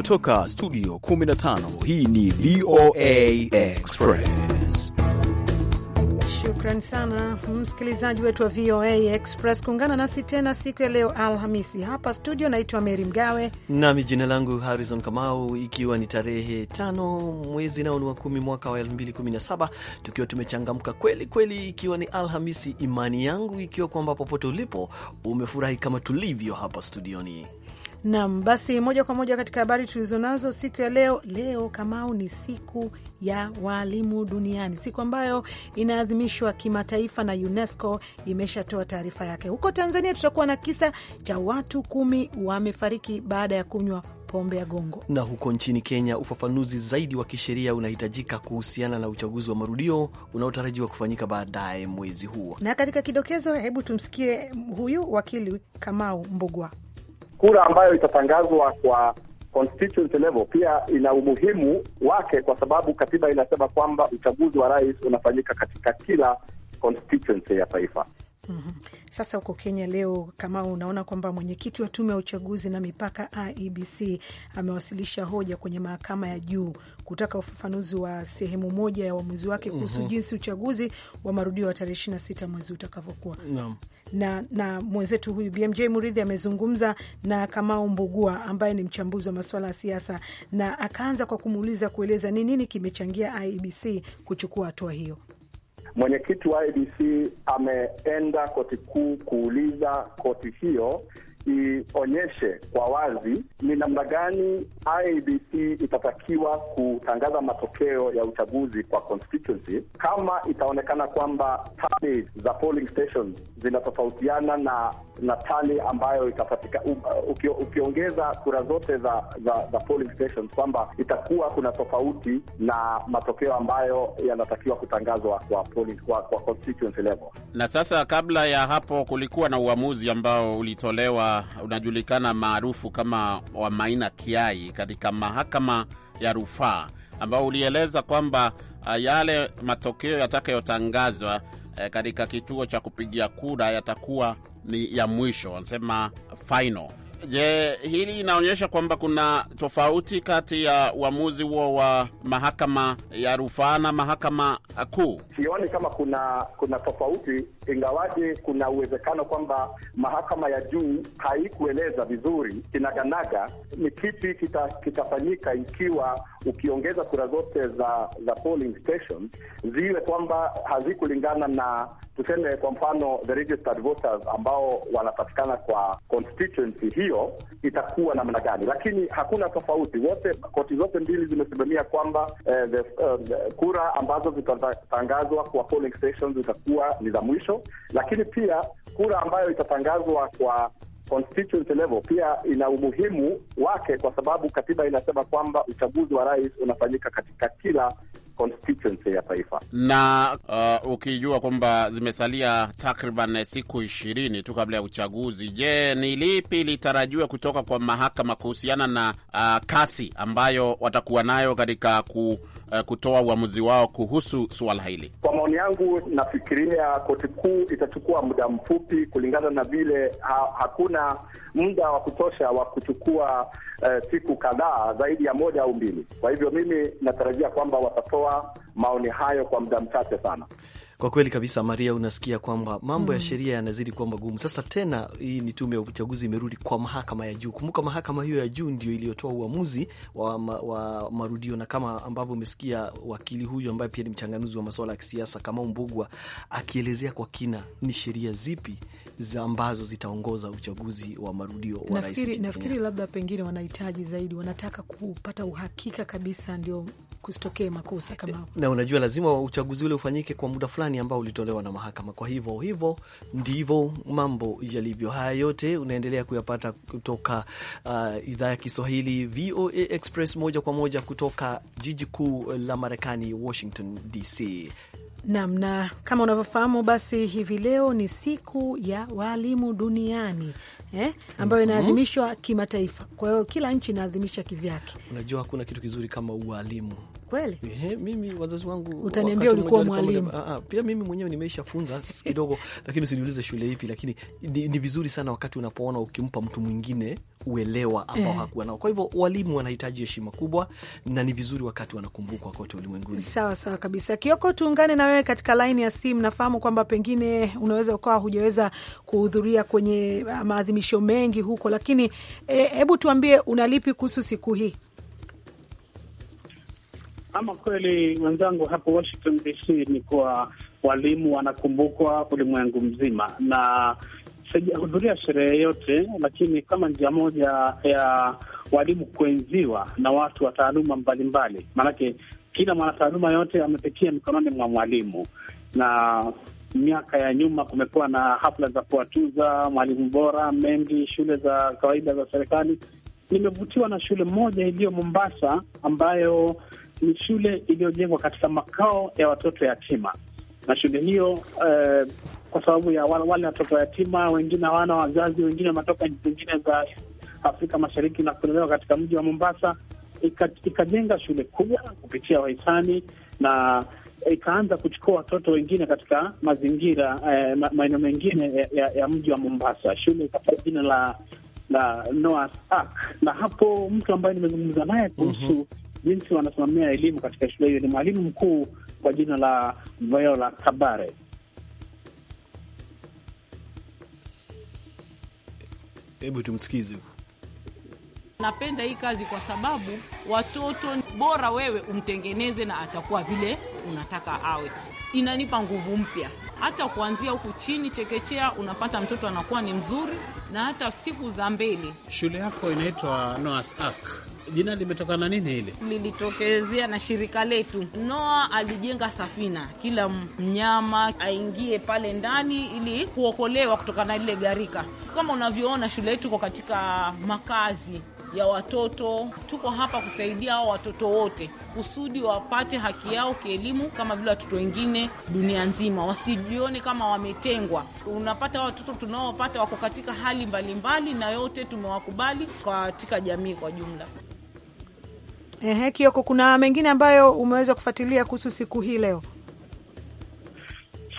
kutoka studio 15 hii ni VOA Express. Shukran sana msikilizaji wetu wa VOA Express kuungana nasi tena siku ya leo Alhamisi hapa studio. Naitwa Meri Mgawe nami jina langu Harrison Kamau, ikiwa ni tarehe tano mwezi nao ni wa kumi mwaka wa saba tukiwa tumechangamka kweli kweli, ikiwa ni Alhamisi, imani yangu ikiwa kwamba popote ulipo umefurahi kama tulivyo hapa studioni. Nam, basi moja kwa moja katika habari tulizonazo siku ya leo. Leo Kamau, ni siku ya waalimu duniani, siku ambayo inaadhimishwa kimataifa na UNESCO imeshatoa taarifa yake. Huko Tanzania tutakuwa na kisa cha watu kumi wamefariki baada ya kunywa pombe ya gongo. Na huko nchini Kenya, ufafanuzi zaidi wa kisheria unahitajika kuhusiana na uchaguzi wa marudio unaotarajiwa kufanyika baadaye mwezi huo. Na katika kidokezo, hebu tumsikie huyu wakili Kamau Mbugwa kura ambayo itatangazwa kwa constituency level pia ina umuhimu wake, kwa sababu katiba inasema kwamba uchaguzi wa rais unafanyika katika kila constituency ya taifa. Mm -hmm. Sasa huko Kenya leo kama unaona kwamba mwenyekiti wa tume ya uchaguzi na mipaka IEBC amewasilisha hoja kwenye mahakama ya juu kutaka ufafanuzi wa sehemu moja ya uamuzi wake kuhusu mm -hmm. jinsi uchaguzi wa marudio wa tarehe 26 mwezi utakavyokuwa. Naam. No na, na mwenzetu huyu BMJ Muridhi amezungumza na Kamau Mbugua ambaye ni mchambuzi wa masuala ya siasa, na akaanza kwa kumuuliza kueleza ni nini kimechangia IEBC kuchukua hatua hiyo. Mwenyekiti wa IEBC ameenda koti kuu kuuliza koti hiyo ionyeshe kwa wazi ni namna gani ibc itatakiwa kutangaza matokeo ya uchaguzi kwa constituency, kama itaonekana kwamba tali za polling stations zinatofautiana na na tali ambayo itapatika, ukio, ukiongeza kura zote za, za, za polling stations, kwamba itakuwa kuna tofauti na matokeo ambayo yanatakiwa kutangazwa kwa polling, kwa, kwa constituency level. Na sasa kabla ya hapo kulikuwa na uamuzi ambao ulitolewa unajulikana maarufu kama Wamaina Kiai katika mahakama ya rufaa ambao ulieleza kwamba ah, yale matokeo yatakayotangazwa eh, katika kituo cha kupigia kura yatakuwa ni ya mwisho, wanasema final. Je, hili inaonyesha kwamba kuna tofauti kati ya uamuzi huo wa mahakama ya rufaa na mahakama kuu? Sioni kama kuna kuna tofauti ingawaje kuna uwezekano kwamba mahakama ya juu haikueleza vizuri kinaganaga ni kipi kitafanyika kita ikiwa ukiongeza kura zote za za polling ziwe kwamba hazikulingana na tuseme kwa mfano the registered voters ambao wanapatikana kwa constituency hiyo, itakuwa namna gani? Lakini hakuna tofauti, wote koti zote mbili zimesimamia kwamba eh, the, uh, the, kura ambazo zitatangazwa kwa polling stations zitakuwa ni za mwisho lakini pia kura ambayo itatangazwa kwa constituency level pia ina umuhimu wake, kwa sababu katiba inasema kwamba uchaguzi wa rais unafanyika katika kila constituency ya taifa. Na uh, ukijua kwamba zimesalia takriban siku ishirini tu kabla ya uchaguzi, je, ni lipi litarajiwa kutoka kwa mahakama kuhusiana na uh, kasi ambayo watakuwa nayo katika ku uh, kutoa uamuzi wao kuhusu suala hili. Kwa maoni yangu, nafikiria koti kuu itachukua muda mfupi, kulingana na vile ha hakuna muda wa kutosha wa kuchukua uh, siku kadhaa zaidi ya moja au mbili. Kwa hivyo mimi natarajia kwamba watatoa maoni hayo kwa muda mchache sana. Kwa kweli kabisa, Maria, unasikia kwamba mambo mm, ya sheria yanazidi kuwa magumu sasa. Tena hii ni tume ya uchaguzi imerudi kwa mahakama ya juu. Kumbuka mahakama hiyo ya juu ndio iliyotoa uamuzi wa, ma, wa marudio, na kama ambavyo umesikia wakili huyu ambaye pia ni mchanganuzi wa masuala ya kisiasa kama umbugwa akielezea kwa kina ni sheria zipi ambazo zitaongoza uchaguzi wa marudio wa rais. Nafikiri labda pengine wanahitaji zaidi, wanataka kupata uhakika kabisa ndio kusitokee makosa kama. Na unajua lazima uchaguzi ule ufanyike kwa muda fulani ambao ulitolewa na mahakama. Kwa hivyo hivyo ndivyo mambo yalivyo. Haya yote unaendelea kuyapata kutoka uh, idhaa ya Kiswahili VOA Express moja kwa moja kutoka jiji kuu la Marekani Washington DC. Nam, na kama unavyofahamu basi, hivi leo ni siku ya waalimu duniani eh, ambayo mhm. inaadhimishwa mm -hmm. kimataifa. Kwa hiyo kila nchi inaadhimisha kivyake. Unajua hakuna kitu kizuri kama ualimu kweli. Ehe, mimi wazazi wangu, utaniambia ulikuwa mwalimu. Ah, ah, pia mimi mwenyewe nimeishafunza kidogo, lakini usiniulize shule ipi, lakini ni vizuri sana wakati unapoona ukimpa mtu mwingine uelewa ambao eh. hakuwa nao. Kwa hivyo walimu wanahitaji heshima kubwa, na ni vizuri wakati wanakumbukwa kote ulimwenguni. Sawa sawa kabisa. Kioko, tuungane na wewe katika laini ya simu. Nafahamu kwamba pengine unaweza ukawa hujaweza kuhudhuria kwenye ah, maadhimisho maadhimisho mengi huko, lakini eh, hebu e, tuambie unalipi kuhusu siku hii? Ama kweli wenzangu hapo Washington DC ni kuwa walimu wanakumbukwa ulimwengu mzima, na sijahudhuria sherehe yote, lakini kama njia moja ya walimu kuenziwa na watu wa taaluma mbalimbali, maanake kila mwanataaluma yote amepitia mikononi mwa mwalimu na miaka ya nyuma kumekuwa na hafla za kuwatuza mwalimu bora mengi shule za kawaida za serikali. Nimevutiwa na shule moja iliyo Mombasa ambayo ni shule iliyojengwa katika makao ya watoto yatima, na shule hiyo eh, kwa sababu ya wale watoto yatima, wengine hawana wazazi, wengine wametoka nchi zingine za Afrika Mashariki na kulelewa katika mji wa Mombasa, ikajenga shule kubwa kupitia wahisani na ikaanza kuchukua watoto wengine katika mazingira eh, maeneo mengine ya, ya, ya mji wa Mombasa. Shule ikapewa jina la la Noah's Ark, na hapo mtu ambaye nimezungumza naye kuhusu mm -hmm. jinsi wanasimamia elimu katika shule hiyo ni mwalimu mkuu kwa jina la Viola Kabare. Hebu tumsikize. Napenda hii kazi kwa sababu watoto, bora wewe umtengeneze na atakuwa vile unataka awe. Inanipa nguvu mpya, hata kuanzia huku chini chekechea, unapata mtoto anakuwa ni mzuri, na hata siku za mbele. Shule yako inaitwa Noah's Ark. Jina limetokana nini? Ile lilitokezea na shirika letu. Noa alijenga safina, kila mnyama aingie pale ndani ili kuokolewa kutokana na lile gharika. Kama unavyoona, shule yetu iko katika makazi, ya watoto. Tuko hapa kusaidia hao watoto wote kusudi wapate haki yao kielimu kama vile watoto wengine dunia nzima, wasijione kama wametengwa. Unapata watoto tunaowapata wako katika hali mbalimbali mbali, na yote tumewakubali katika jamii kwa jumla. Ehe, Kioko, kuna mengine ambayo umeweza kufuatilia kuhusu siku hii leo?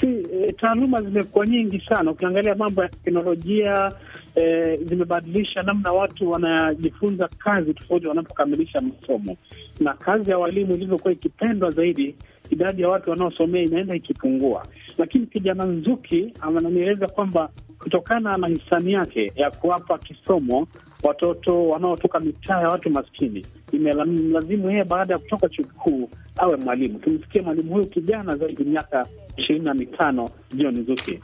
si e, eh, taaluma zimekuwa nyingi sana. Ukiangalia mambo ya teknolojia e, zimebadilisha namna watu wanajifunza kazi tofauti wanapokamilisha masomo, na kazi ya walimu ilivyokuwa ikipendwa zaidi idadi ya watu wanaosomea inaenda ikipungua, lakini kijana Nzuki ananieleza kwamba kutokana na hisani yake ya kuwapa kisomo watoto wanaotoka mitaa ya watu maskini imelazimu yeye baada ya kutoka chuo kikuu awe mwalimu. Tumsikie mwalimu huyu kijana zaidi miaka ishirini na mitano John Nzuki.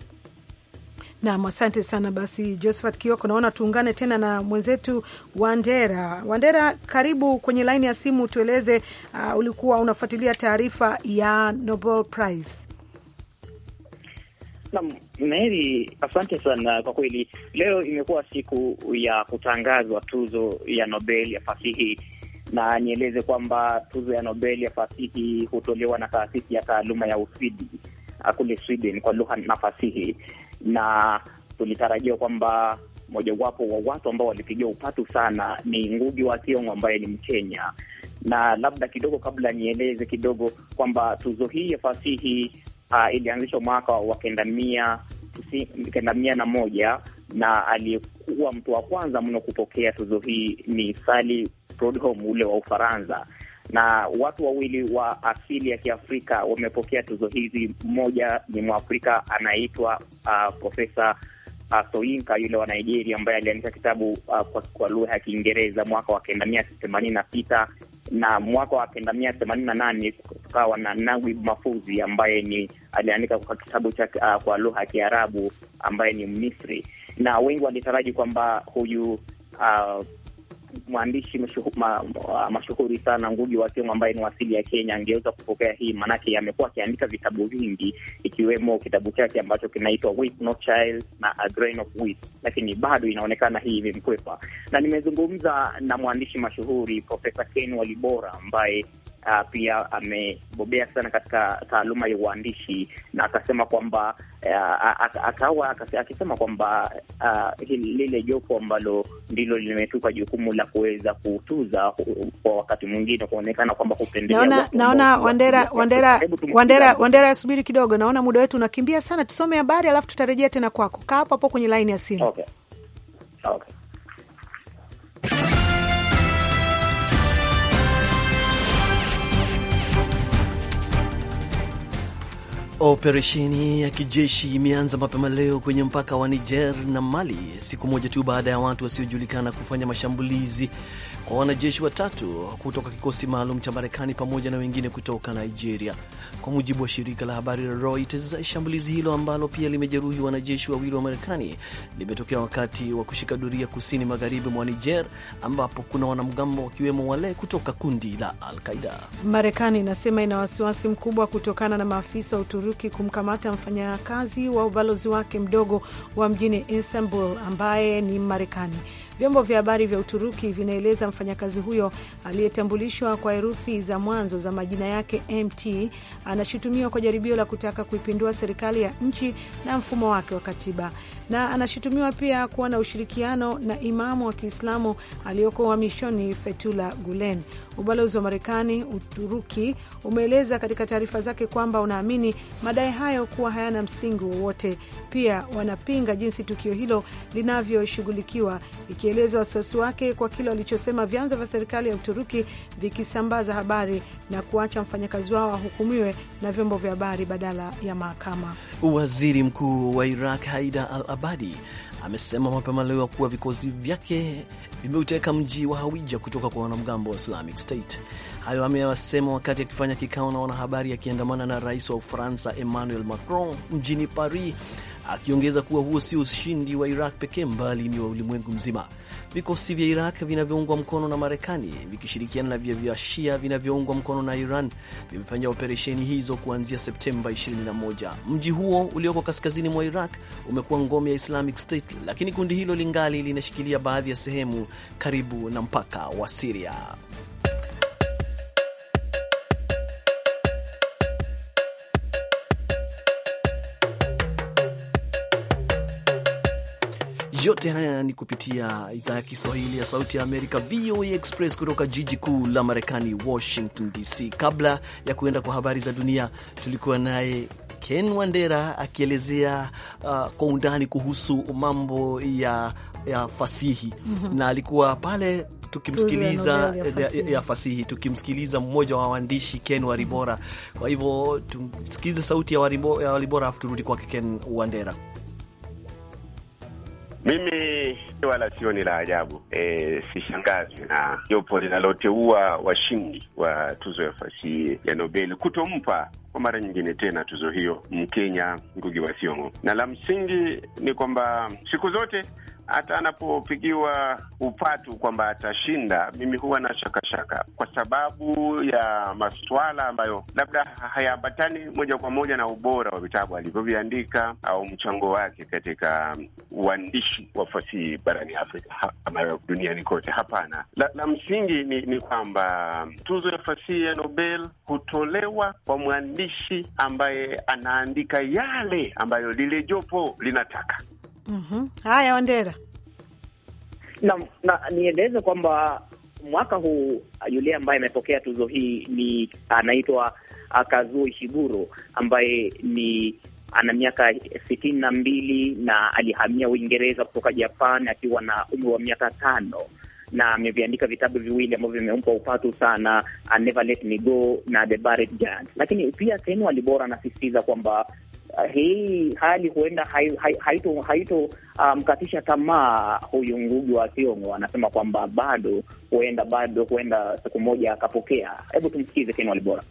Nam, asante sana. Basi Josephat Kioko, naona tuungane tena na mwenzetu Wandera. Wandera, karibu kwenye laini ya simu, tueleze uh, ulikuwa unafuatilia taarifa ya Nobel Prize. Nam Meri, asante sana kwa kweli. Leo imekuwa siku ya kutangazwa tuzo ya Nobel ya fasihi, na nieleze kwamba tuzo ya Nobel ya fasihi hutolewa na taasisi ya taaluma ya Uswidi kule Sweden kwa lugha na fasihi, na tulitarajia kwamba mojawapo wa watu ambao walipigia upatu sana ni Ngugi wa Thiong'o ambaye ni Mkenya. Na labda kidogo kabla nieleze kidogo kwamba tuzo hii ya fasihi uh, ilianzishwa mwaka wa kenda mia kenda mia na moja na aliyekuwa mtu wa kwanza mno kupokea tuzo hii ni Sally Prudhomme ule wa Ufaransa, na watu wawili wa asili ya Kiafrika wamepokea tuzo hizi. Mmoja ni Mwafrika anaitwa uh, Profesa uh, Soyinka yule wa Nigeria ambaye aliandika kitabu uh, kwa, kwa lugha ya Kiingereza mwaka wa kenda mia themanini na sita na mwaka wa kenda mia themanini na nane tukawa na Nawi Mafuzi ambaye ni aliandika kwa kitabu cha uh, kwa lugha ya Kiarabu ambaye ni Misri, na wengi walitaraji kwamba huyu uh, mwandishi mashuhuri sana Ngugi wa Thiong'o ambaye ni wasili ya Kenya angeweza kupokea hii, maanake amekuwa akiandika vitabu vingi ikiwemo kitabu chake ambacho kinaitwa Weep Child na A Grain of Wheat, lakini bado inaonekana hii imemkwepa. Na nimezungumza na mwandishi mashuhuri Profesa Ken Walibora ambaye uh, pia amebobea sana katika taaluma ya uandishi na akasema kwamba uh, akawa akisema kwamba uh, lile jopo ambalo ndilo limetupa jukumu la kuweza kutuza kwa wakati mwingine kuonekana kwamba kupendelea. Naona, naona Wandera, Wandera, Wandera, Wandera, subiri kidogo, naona muda wetu unakimbia sana. Tusome habari alafu tutarejea tena kwako. Kaa hapo hapo kwenye laini ya simu. Okay. Okay. Operesheni ya kijeshi imeanza mapema leo kwenye mpaka wa Niger na Mali, siku moja tu baada ya watu wasiojulikana kufanya mashambulizi kwa wanajeshi watatu kutoka kikosi maalum cha Marekani pamoja na wengine kutoka Nigeria, kwa mujibu wa shirika la habari la Reuters. Shambulizi hilo ambalo pia limejeruhi wanajeshi wawili wa Marekani limetokea wakati wa kushika doria kusini magharibi mwa Niger, ambapo kuna wanamgambo wakiwemo wale kutoka kundi la Al-Qaida. Marekani inasema ina wasiwasi mkubwa kutokana na maafisa wa Uturuki kumkamata mfanyakazi wa ubalozi wake mdogo wa mjini Istanbul ambaye ni Marekani. Vyombo vya habari vya Uturuki vinaeleza mfanyakazi huyo aliyetambulishwa kwa herufi za mwanzo za majina yake MT anashutumiwa kwa jaribio la kutaka kuipindua serikali ya nchi na mfumo wake wa katiba, na anashutumiwa pia kuwa na ushirikiano na imamu wa Kiislamu aliyoko uhamishoni Fethullah Gulen. Ubalozi wa Marekani Uturuki umeeleza katika taarifa zake kwamba unaamini madai hayo kuwa hayana msingi wowote. Pia wanapinga jinsi tukio hilo linavyoshughulikiwa, ikieleza wasiwasi wake kwa kile walichosema vyanzo vya serikali ya Uturuki vikisambaza habari na kuacha mfanyakazi wao ahukumiwe na vyombo vya habari badala ya mahakama. Waziri Mkuu wa Iraq Haida al Abadi amesema mapema leo kuwa vikosi vyake vimeuteka mji wa Hawija kutoka kwa wanamgambo wa Islamic State. Hayo ameyasema wakati akifanya kikao na wanahabari akiandamana na rais wa Ufaransa Emmanuel Macron mjini Paris, akiongeza kuwa huo sio ushindi wa Iraq pekee, mbali ni wa ulimwengu mzima vikosi vya Iraq vinavyoungwa mkono na Marekani vikishirikiana na vya vya Shia vinavyoungwa mkono na Iran vimefanya operesheni hizo kuanzia Septemba 21. Mji huo ulioko kaskazini mwa Iraq umekuwa ngome ya Islamic State, lakini kundi hilo lingali linashikilia baadhi ya sehemu karibu na mpaka wa Siria. Yote haya ni kupitia idhaa ya Kiswahili ya Sauti ya Amerika, VOA Express, kutoka jiji kuu la Marekani, Washington DC. Kabla ya kuenda kwa habari za dunia, tulikuwa naye Ken Wandera akielezea uh, kwa undani kuhusu mambo ya, ya fasihi mhm. na alikuwa pale tukimsikiliza ya, ya fasihi tukimsikiliza mmoja wa waandishi Ken Waribora. Kwa hivyo tusikilize sauti ya Waribora, alafu turudi kwake Ken Wandera. Mimi wala sioni la ajabu e, sishangazwi na jopo linaloteua washindi wa tuzo ya fasi ya Nobel kutompa kwa mara nyingine tena tuzo hiyo Mkenya Ngugi wa Thiong'o, na la msingi ni kwamba siku zote hata anapopigiwa upatu kwamba atashinda, mimi huwa na shakashaka kwa sababu ya masuala ambayo labda hayaambatani moja kwa moja na ubora wa vitabu alivyoviandika au mchango wake katika uandishi wa fasihi barani Afrika ama duniani kote. Hapana, la, la msingi ni, ni kwamba tuzo ya fasihi ya Nobel hutolewa kwa mwandishi ambaye anaandika yale ambayo lile jopo linataka mm -hmm. Haya, Wandera, na, na nieleze kwamba mwaka huu yule ambaye amepokea tuzo hii ni anaitwa uh, Kazuo Ishiguro ambaye ni ana miaka sitini na mbili na alihamia Uingereza kutoka Japan akiwa na umri wa miaka tano na ameviandika vitabu viwili ambavyo vimempa upatu sana, uh, Never Let Me Go na The Buried Giant. Lakini pia Ken Walibora anasisitiza kwamba hii hali huenda haito haito ah, mkatisha um, tamaa huyu Ngugi wa Thiong'o. Anasema kwamba bado huenda bado huenda siku moja akapokea. Hebu tumsikize Ken Walibora.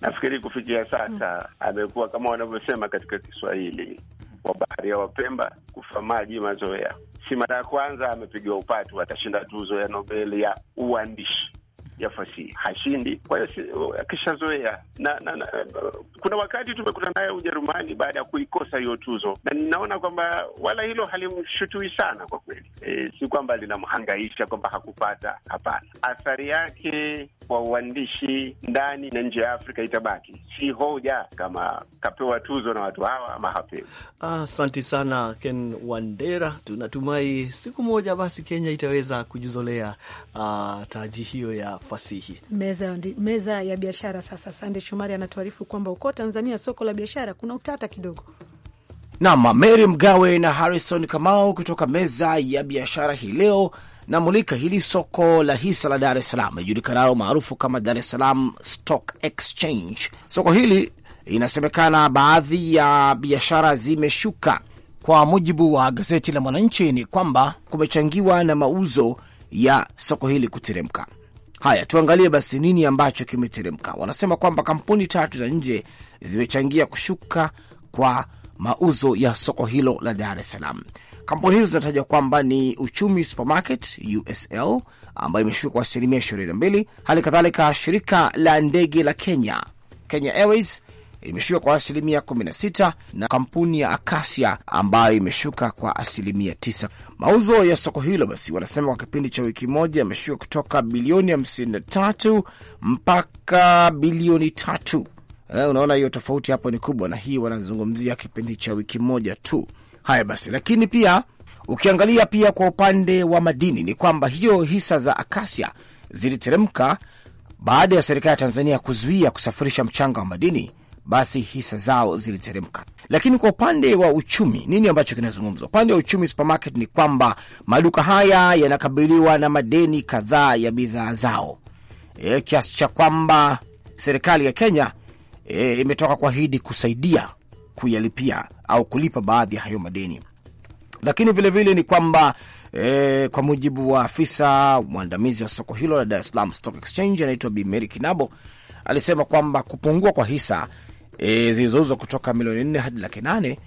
Nafikiri kufikia sasa hmm, amekuwa kama wanavyosema katika Kiswahili wa bahari ya Wapemba kufa maji mazoea. Si mara ya kwanza amepigiwa upatu, atashinda tuzo ya Nobel ya uandishi ya fasihi hashindi. Kwa hiyo akishazoea na, na, na kuna wakati tumekuta naye Ujerumani baada ya kuikosa hiyo tuzo, na ninaona kwamba wala hilo halimshutui sana kwa kweli. E, si kwamba linamhangaisha kwamba hakupata, hapana. Athari yake kwa uandishi ndani na nje ya Afrika itabaki, si hoja kama kapewa tuzo na watu hawa ama hapewi. Asanti ah, sana Ken Wandera, tunatumai siku moja basi Kenya itaweza kujizolea ah, taji hiyo ya fasihi. Meza, meza ya biashara. Sasa Sande Shomari anatuarifu kwamba uko Tanzania soko la biashara kuna utata kidogo. Nam Mary Mgawe na Harrison Kamau kutoka meza ya biashara hii leo namulika hili soko la hisa la Dar es Salaam maarufu kama Dar es Salaam Stock Exchange. Soko hili inasemekana baadhi ya biashara zimeshuka. Kwa mujibu wa gazeti la Mwananchi ni kwamba kumechangiwa na mauzo ya soko hili kuteremka. Haya, tuangalie basi nini ambacho kimeteremka. Wanasema kwamba kampuni tatu za nje zimechangia kushuka kwa mauzo ya soko hilo la Dar es Salaam. Kampuni hizo zinatajwa kwamba ni Uchumi Supermarket USL ambayo imeshuka kwa asilimia 22, hali kadhalika shirika la ndege la Kenya Kenya Airways imeshuka kwa asilimia 16 na kampuni ya Acacia ambayo imeshuka kwa asilimia 9. Mauzo ya soko hilo basi, wanasema kwa kipindi cha wiki moja yameshuka kutoka bilioni 53 mpaka bilioni tatu. Eh, unaona hiyo tofauti hapo ni kubwa, na hii wanazungumzia kipindi cha wiki moja tu. Haya basi, lakini pia ukiangalia pia kwa upande wa madini ni kwamba hiyo hisa za Akasia ziliteremka baada ya serikali ya Tanzania kuzuia kusafirisha mchanga wa madini basi hisa zao ziliteremka. Lakini kwa upande wa uchumi, nini ambacho kinazungumzwa? Upande wa uchumi supermarket ni kwamba maduka haya yanakabiliwa na madeni kadhaa ya bidhaa zao, e, kiasi cha kwamba serikali ya Kenya e, imetoka kuahidi kusaidia kuyalipia au kulipa baadhi ya hayo madeni. Lakini vilevile vile ni kwamba e, kwa mujibu wa afisa mwandamizi wa soko hilo la Dar es Salaam Stock Exchange anaitwa Bi Mary Kinabo alisema kwamba kupungua kwa hisa e, zilizouzwa kutoka milioni nne hadi laki nane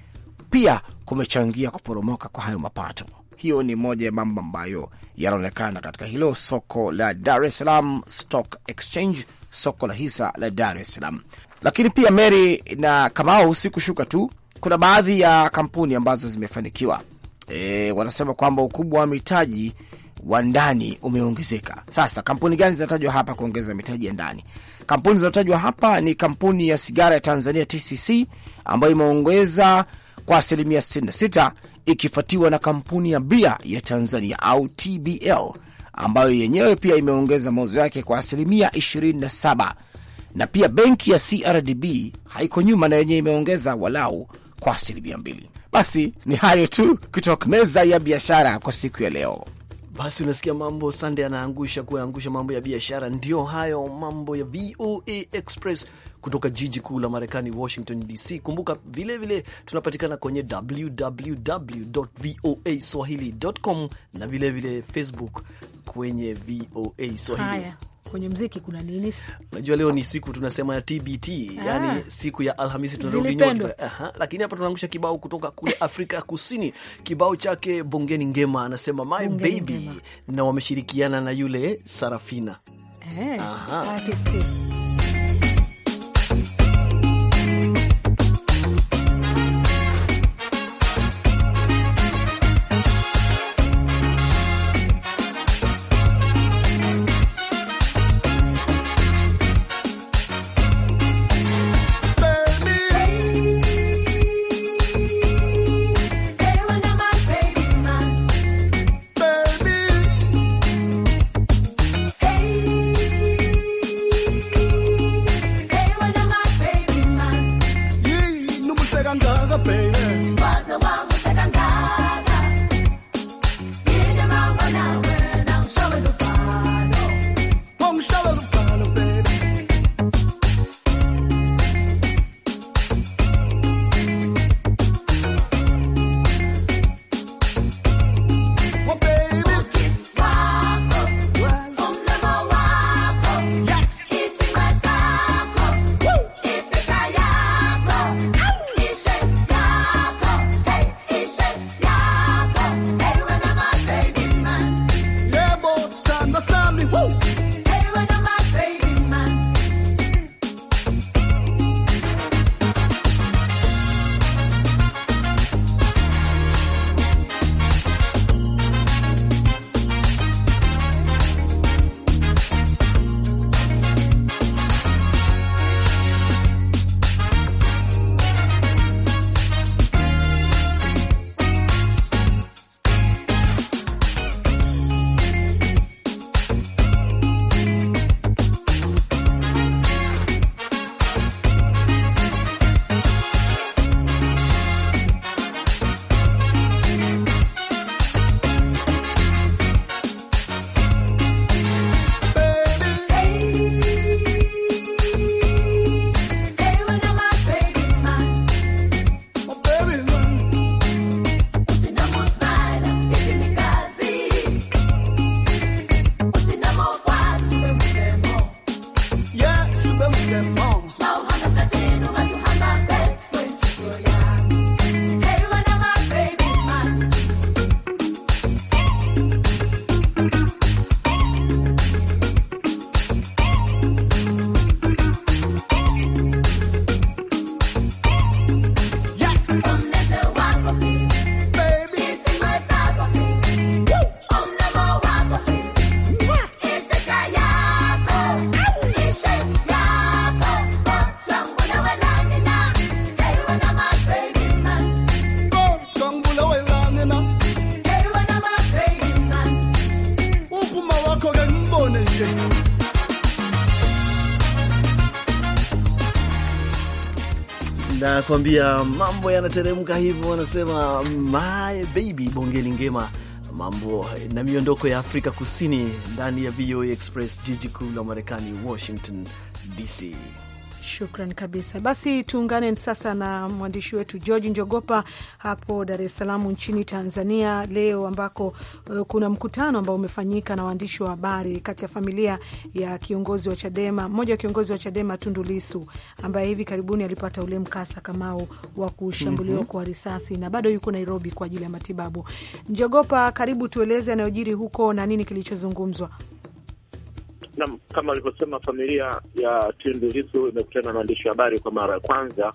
pia kumechangia kuporomoka kwa hayo mapato. Hiyo ni moja ya mambo ambayo yanaonekana katika hilo soko la Dar es Salaam Stock Exchange, soko la hisa la Dar es Salaam. Lakini pia Mary na Kamau, si kushuka tu, kuna baadhi ya kampuni ambazo zimefanikiwa e, wanasema kwamba ukubwa wa mitaji wa ndani umeongezeka. Sasa kampuni gani zinatajwa hapa kuongeza mitaji ya ndani? Kampuni zinatajwa hapa ni kampuni ya sigara ya Tanzania TCC ambayo imeongeza kwa asilimia 66, ikifuatiwa na kampuni ya bia ya Tanzania au TBL ambayo yenyewe pia imeongeza mauzo yake kwa asilimia 27, na pia benki ya CRDB haiko nyuma, na yenyewe imeongeza walau kwa asilimia mbili. Basi ni hayo tu kutoka meza ya biashara kwa siku ya leo. Basi unasikia mambo, Sande anaangusha kuyaangusha mambo ya biashara. Ndio hayo mambo ya VOA Express kutoka jiji kuu la Marekani, Washington DC. Kumbuka vilevile tunapatikana kwenye www voa swahili com na vilevile Facebook kwenye VOA Swahili. Haya kwenye mziki kuna nini? Unajua, leo ni siku tunasema ya TBT, ah. yani siku ya Alhamisi tunarudi nyuma, lakini hapa tunaangusha kibao kutoka kule Afrika Kusini, kibao chake Bongeni Ngema anasema my Bungeni baby Ngema, na wameshirikiana na yule Sarafina. Eh, Aha. anakuambia mambo yanateremka hivyo, wanasema my baby bongeli ngema mambo na miondoko ya Afrika Kusini ndani ya VOA Express, jiji kuu la Marekani, Washington DC. Shukran kabisa. Basi tuungane sasa na mwandishi wetu George Njogopa hapo Dar es Salaam nchini Tanzania leo ambako uh, kuna mkutano ambao umefanyika na waandishi wa habari kati ya familia ya kiongozi wa Chadema, mmoja wa kiongozi wa Chadema Tundu Lisu ambaye hivi karibuni alipata ule mkasa Kamau wa kushambuliwa mm -hmm. kwa risasi na bado yuko Nairobi kwa ajili ya matibabu. Njogopa, karibu tueleze anayojiri huko na nini kilichozungumzwa. Naam, kama alivyosema, familia ya Tundu Lissu imekutana na waandishi wa habari kwa mara ya kwanza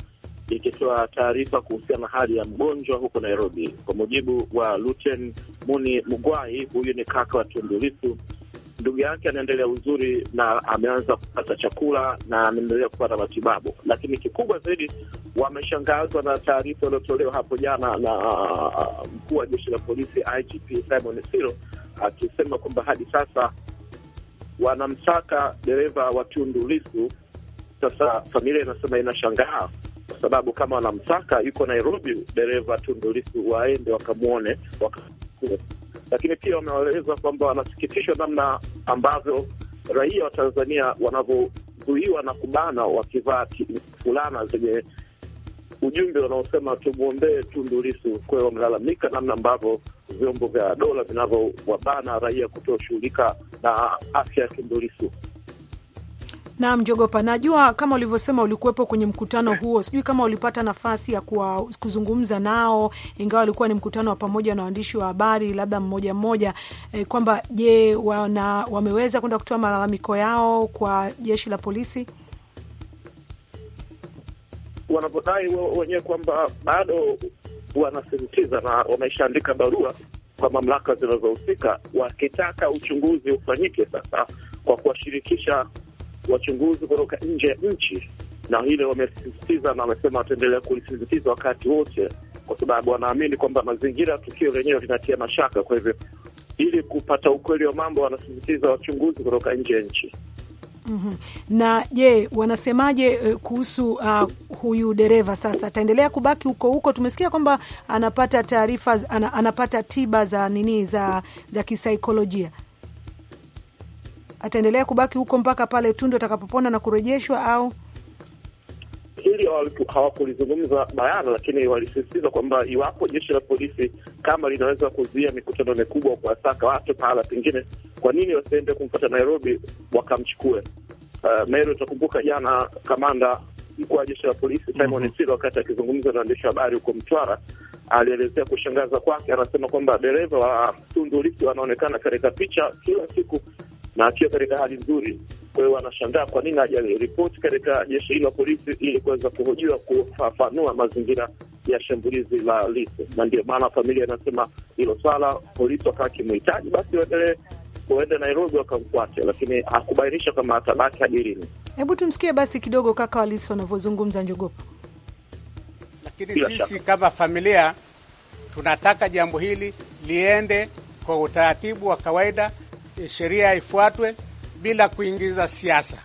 ikitoa taarifa kuhusiana na hali ya mgonjwa huko Nairobi. Kwa mujibu wa Luten Muni Mugwai, huyu ni kaka wa Tundu Lissu, ndugu yake anaendelea uzuri na ameanza kupata chakula na anaendelea kupata matibabu, lakini kikubwa zaidi wameshangazwa na taarifa iliyotolewa hapo jana na uh, mkuu wa jeshi la polisi IGP Simon Siro akisema kwamba hadi sasa wanamsaka dereva wa Tundu Lissu. Sasa familia inasema inashangaa kwa sababu kama wanamsaka yuko Nairobi, dereva Tundu Lissu waende wakamwone waka, lakini pia wameeleza kwamba wanasikitishwa namna ambavyo raia wa Tanzania wanavyozuiwa na kubana wakivaa fulana zenye ujumbe wanaosema tumwombee Tundu Lissu. Kwa hiyo wamelalamika namna ambavyo vyombo vya dola vinavyowabana raia kutoshughulika na afya ya kimbilisi. Naam, Jogopa, najua kama ulivyosema ulikuwepo kwenye mkutano huo. Sijui kama ulipata nafasi ya kuwa, kuzungumza nao, ingawa ulikuwa ni mkutano wa pamoja na waandishi wa habari, labda mmoja mmoja eh, kwamba je, wana, wameweza kwenda kutoa malalamiko yao kwa jeshi la polisi wanavyodai wenyewe kwamba bado wanasisitiza na wameshaandika barua kwa mamlaka zinazohusika wakitaka uchunguzi ufanyike sasa kwa kuwashirikisha wachunguzi kutoka nje ya nchi, na hilo wamesisitiza na wamesema wataendelea kulisisitiza wakati wote, kwa sababu wanaamini kwamba mazingira ya tukio lenyewe linatia mashaka. Kwa hivyo, ili kupata ukweli wa mambo, wanasisitiza wachunguzi kutoka nje ya nchi. Mm -hmm. Na je, wanasemaje eh, kuhusu uh, huyu dereva sasa ataendelea kubaki huko huko? Tumesikia kwamba anapata taarifa ana, anapata tiba za nini za, za kisaikolojia. Ataendelea kubaki huko mpaka pale tundu atakapopona na kurejeshwa au hili hawakulizungumza bayana, lakini walisisitiza kwamba iwapo jeshi la polisi kama linaweza kuzuia mikutano mikubwa, kuwasaka watu pahala pengine, kwa nini wasiende kumpata Nairobi wakamchukue? Uh, Mero, utakumbuka jana kamanda mkuu wa jeshi la polisi mhm. Simon mm -hmm. Siro wakati akizungumza na waandishi wa habari huko Mtwara alielezea kushangaza kwake, anasema kwamba dereva wa Tundu Lissu wanaonekana katika picha kila siku na akiwa katika hali nzuri. Kwa hiyo wanashangaa kwa nini hajaripoti katika jeshi hilo la polisi ili kuweza kuhojiwa kufafanua mazingira ya shambulizi la Lissu, na ndio maana familia inasema hilo swala polisi wakakimhitaji basi waendelee uende Nairobi wakamfuate, lakini hakubainisha kama atabaki hadi lini. Hebu tumsikie basi kidogo kaka walisi wanavyozungumza Njogopa. Lakini Kila sisi chaka, kama familia tunataka jambo hili liende kwa utaratibu wa kawaida, eh, sheria ifuatwe bila kuingiza siasa.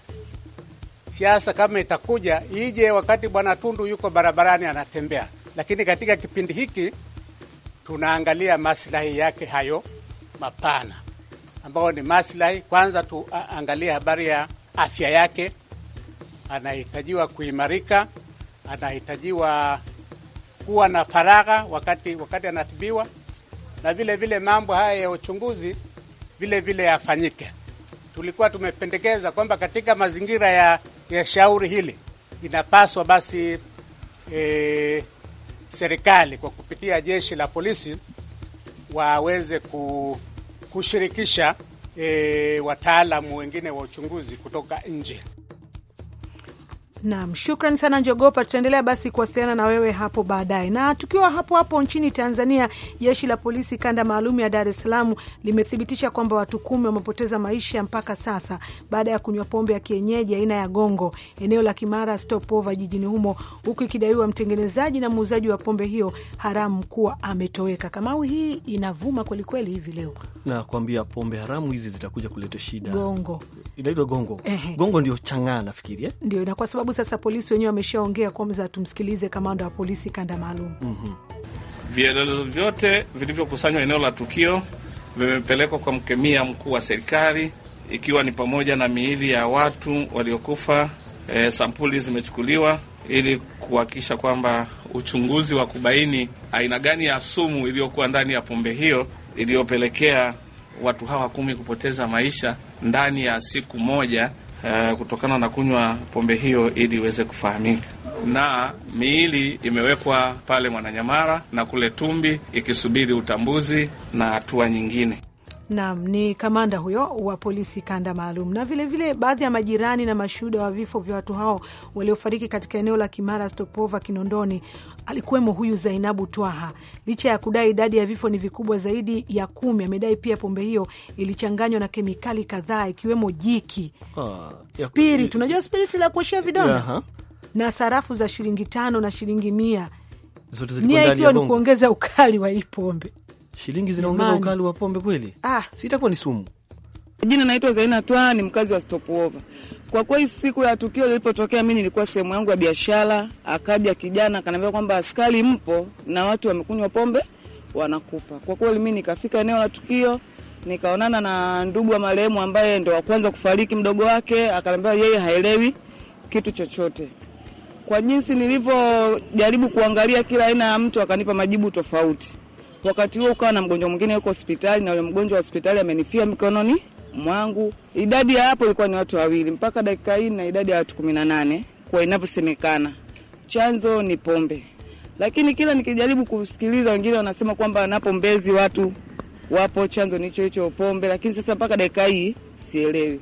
Siasa kama itakuja ije wakati bwana Tundu yuko barabarani anatembea, lakini katika kipindi hiki tunaangalia maslahi yake hayo mapana ambao ni maslahi. Kwanza tuangalie habari ya afya yake, anahitajiwa kuimarika, anahitajiwa kuwa na faragha wakati wakati anatibiwa, na vile vile mambo haya ya uchunguzi vile vile yafanyike. Tulikuwa tumependekeza kwamba katika mazingira ya, ya shauri hili inapaswa basi e, serikali kwa kupitia jeshi la polisi waweze ku kushirikisha e, wataalamu wengine wa uchunguzi kutoka nje. Naam, shukran sana Njogopa. Tutaendelea basi kuwasiliana na wewe hapo baadaye. Na tukiwa hapo hapo nchini Tanzania, jeshi la polisi kanda maalum ya Dar es Salaam limethibitisha kwamba watu kumi wamepoteza maisha mpaka sasa baada ya kunywa pombe ya kienyeji aina ya gongo eneo la Kimara Stopover jijini humo, huku ikidaiwa mtengenezaji na muuzaji wa pombe hiyo haramu kuwa ametoweka. Kamau, hii inavuma kwelikweli hivi leo, nakwambia pombe haramu hizi zitakuja kuleta shida. Gongo inaitwa gongo, Gongo ndio chang'aa nafikiri eh? Ndio, na kwa sababu sasa polisi wenyewe wameshaongea kwamza tumsikilize kamanda wa polisi kanda maalum. mm -hmm. Vielelezo vyote vilivyokusanywa eneo la tukio vimepelekwa kwa mkemia mkuu wa serikali ikiwa ni pamoja na miili ya watu waliokufa. E, sampuli zimechukuliwa ili kuhakikisha kwamba uchunguzi wa kubaini aina gani ya sumu iliyokuwa ndani ya pombe hiyo iliyopelekea watu hawa kumi kupoteza maisha ndani ya siku moja Eh, kutokana na kunywa pombe hiyo ili iweze kufahamika. Na miili imewekwa pale Mwananyamara na kule Tumbi ikisubiri utambuzi na hatua nyingine. Naam, ni kamanda huyo wa polisi kanda maalum. Na vilevile baadhi ya majirani na mashuhuda wa vifo vya watu hao waliofariki katika eneo la Kimara Stopova Kinondoni alikuwemo huyu Zainabu Twaha. Licha ya kudai idadi ya vifo ni vikubwa zaidi ya kumi, amedai pia pombe hiyo ilichanganywa na kemikali kadhaa ikiwemo jiki, ah, spirit, unajua spirit la kuoshea vidonda, na sarafu za shilingi tano na shilingi mia, nia ikiwa ni kuongeza ukali wa hii pombe. Shilingi zinaongeza ukali wa pombe kweli? Ah, sitakuwa ni sumu Jina naitwa Zaina Twa, ni mkazi wa Stopover. Kwa kweli siku ya tukio lilipotokea, mimi nilikuwa sehemu yangu ya biashara, akaja kijana akaniambia kwamba askari mpo na watu wamekunywa pombe wanakufa. Kwa kweli mimi nikafika eneo la tukio, nikaonana na ndugu wa marehemu ambaye ndo wa kwanza kufariki, mdogo wake, akaniambia yeye haelewi kitu chochote. Kwa jinsi nilivyojaribu kuangalia kila aina ya mtu, akanipa majibu tofauti. Wakati huo ukawa na mgonjwa mwingine yuko hospitali, na yule mgonjwa wa hospitali amenifia mikononi mwangu. Idadi ya hapo ilikuwa ni watu wawili mpaka dakika hii, na idadi ya watu kumi na nane kwa inavyosemekana. Chanzo ni pombe, lakini kila nikijaribu kusikiliza, wengine wanasema kwamba napombezi watu wapo, chanzo ni hicho hicho pombe, lakini sasa mpaka dakika hii sielewi.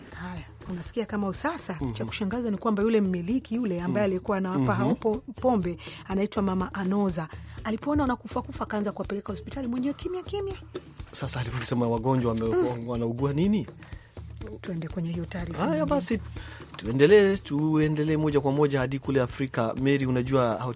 Unasikia kama usasa. mm -hmm. Cha kushangaza ni kwamba yule mmiliki yule ambaye mhm. alikuwa anawapa mm -hmm. hapo pombe anaitwa Mama Anoza, alipoona wanakufa kufa, akaanza kuwapeleka hospitali mwenyewe kimya kimya. Sasa alikuwa wagonjwa mm. wanaugua nini, tuende kwenye hiyo taarifa. Haya basi, Tuendelee tuendelee moja kwa moja hadi kule Afrika. Mary, unajua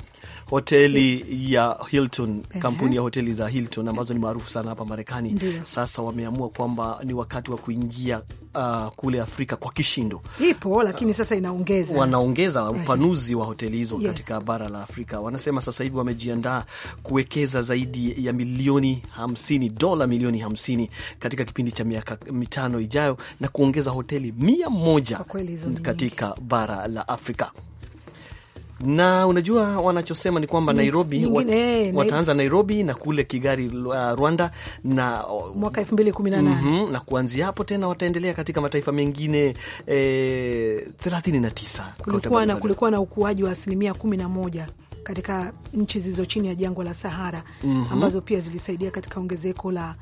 hoteli ya Hilton, kampuni ya hoteli za Hilton ambazo ni maarufu sana hapa Marekani. Ndiyo. Sasa wameamua kwamba ni wakati wa kuingia uh, kule Afrika kwa kishindo. Ipo lakini sasa inaongeza, wanaongeza upanuzi wa hoteli hizo katika bara la Afrika. Wanasema sasa hivi wamejiandaa kuwekeza zaidi ya milioni hamsini, dola milioni hamsini katika kipindi cha miaka mitano ijayo na kuongeza hoteli mia moja katika bara la Afrika na unajua wanachosema ni kwamba Nairobi wat, eh, wataanza Nairobi na kule Kigali uh, Rwanda na uh, mwaka 2018 mm -hmm, na kuanzia hapo tena wataendelea katika mataifa mengine eh, na 39. Kulikuwa na, kulikuwa na ukuaji wa asilimia 11 katika nchi zilizo chini ya jangwa la Sahara mm -hmm, ambazo pia zilisaidia katika ongezeko la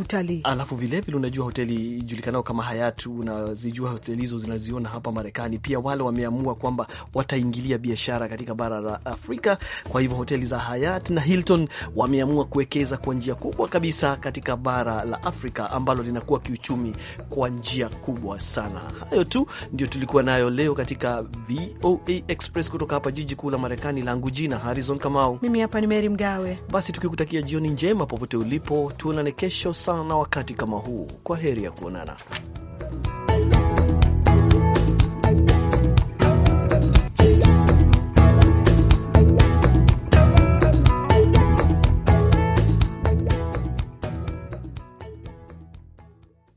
utalii. Alafu vilevile, unajua hoteli julikanao kama Hayat, unazijua hoteli hizo, zinaziona hapa Marekani pia. Wale wameamua kwamba wataingilia biashara katika bara la Afrika. Kwa hivyo hoteli za Hayat na Hilton wameamua kuwekeza kwa njia kubwa kabisa katika bara la Afrika ambalo linakuwa kiuchumi kwa njia kubwa sana. Hayo tu ndio tulikuwa nayo leo katika VOA Express kutoka hapa jiji kuu la Marekani. Langu jina Harrison Kamau, mimi hapa ni Meri Mgawe. Basi tukikutakia jioni njema popote ulipo, tuonane kesho sana wakati kama huu. Kwa heri ya kuonana.